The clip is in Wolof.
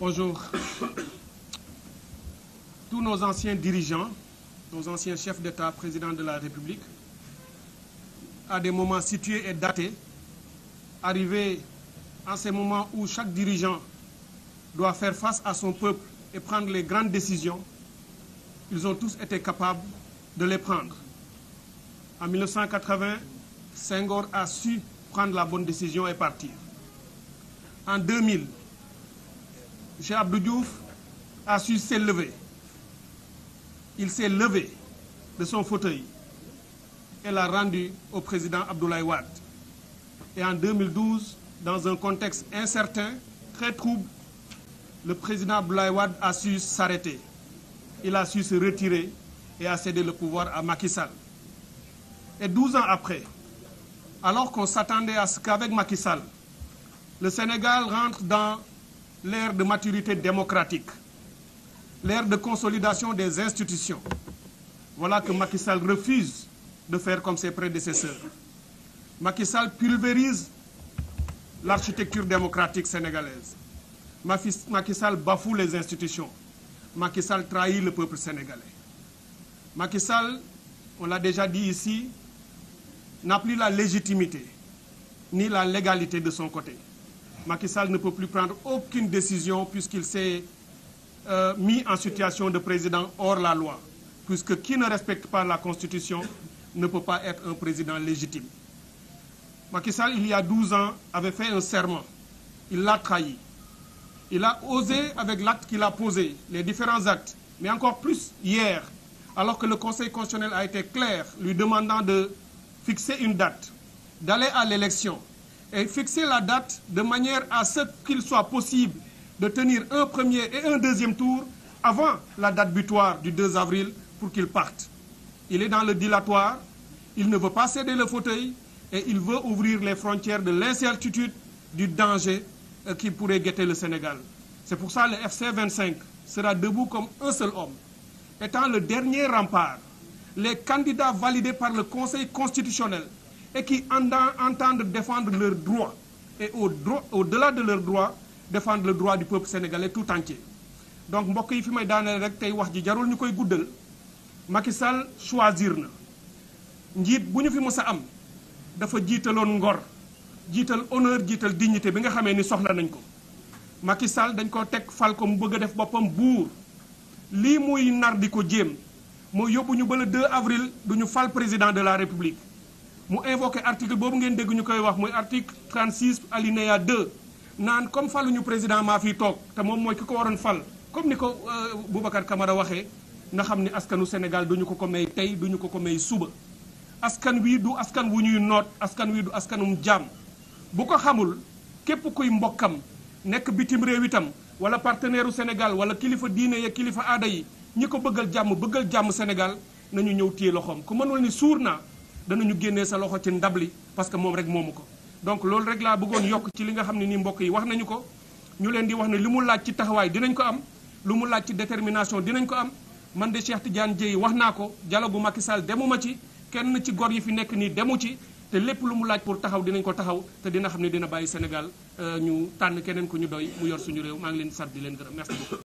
Bonjour. Tous nos anciens dirigeants, nos anciens chefs d'État, présidents de la République, à des moments situés et datés, arrivés en ces moments où chaque dirigeant doit faire face à son peuple les grandes décisions, ils ont tous de les prendre. En 1980, Senghor a su prendre la bonne décision et partir. En 2000, M. Abdou Diouf a su s'élever. Il s'est levé de son fauteuil et l'a rendu au président Abdoulaye Wade. Et en 2012, dans un contexte incertain, très trouble, le président Abdoulaye Wade a su s'arrêter. Il a su se retirer et a cédé le pouvoir à Macky Sall. Et 12 ans après, alors qu'on s'attendait à ce qu'avec Macky le Sénégal rentre dans l'ère de maturité démocratique, l'ère de consolidation des institutions. Voilà que Macky refuse de faire comme ses prédécesseurs. Macky Sall pulvérise l'architecture démocratique sénégalaise. Macky Sall bafoue les institutions. Macky Sall trahit le peuple sénégalais. Macky Sall, on l'a déjà dit ici, n'a plus la légitimité ni la légalité de son côté. Macky Sall ne peut plus prendre aucune décision puisqu'il s'est euh, mis en situation de président hors la loi, puisque qui ne respecte pas la Constitution ne peut pas être un président légitime. Macky Sall, il y a 12 ans, avait fait un serment. Il l'a trahi. Il a osé, avec l'acte qu'il a posé, les différents actes, mais encore plus hier, alors que le Conseil constitutionnel a été clair, lui demandant de fixer une date, d'aller à l'élection et fixer la date de manière à ce qu'il soit possible de tenir un premier et un deuxième tour avant la date butoir du 2 avril pour qu'il parte. Il dans le dilatoire, il ne veut pas céder le fauteuil et il veut ouvrir les frontières de l'incertitude, du danger euh, qui pourrait guetter Sénégal. C'est pour ça que le FC 25 sera debout comme un seul homme, le dernier rempart les candidats validés par le Conseil constitutionnel et qui entendent défendre leurs droits et au-delà de leurs droits défendre le droit du peuple sénégalais tout entier donc mbokk yi fi may daaneel rek tey wax ji jarul ñu koy guddal Macky Sall choisir na njiit bu ñu fi mës am dafa jiitaloon ngor jiital honneur jiital dignité bi nga xamee ni soxla nañ ko Macky Sall dañ ko teg fal ko mu bëgg a def boppam buur lii muy nar di ko jéem mooy yóbbu ñu ba le 2 avril du ñu fal président de la république mu invoqué article boobu ngeen dégg ñu koy wax muy article 36 alinéa 2 naan comme faluñu président maa fiy toog te moom mooy ki ko waroon fal comme ni ko euh, Boubacar Camara waxee nga xam ni askanu Sénégal duñu ko ko may tey duñu ko ko may suba askan wi du askan wu ñuy noot askan wi du askanum jàmm bu ko xamul képp kuy mbokkam nekk bitim réew itam wala partenaire Sénégal wala kilifa diine ya kilifa aada yi ñi ko bëggal jàmm bëggal jàmm Sénégal nañu ñëw téye loxoom ku mënul ni suur naa danañu génnee sa loxo ci ndab li parce que moom rek moomu ko donc loolu rek laa bëggoon yokk ci li nga xam ne nii mbokk yi wax nañu ko ñu leen di wax ne li mu laaj ci taxawaay dinañ ko am lu mu laaj ci détermination dinañ ko am man de Cheikh Tidiane Dièye wax naa ko dialogue Macky Sall demuma ci kenn ci gor yi fi nekk nii demu ci te lépp lu mu laaj pour taxaw dinañ ko taxaw te dina xam ne dina bàyyi Sénégal euh, ñu tànn keneen ku ñu doy mu yor suñu réew maa ngi leen di sant di leen gërëm merci beaucoup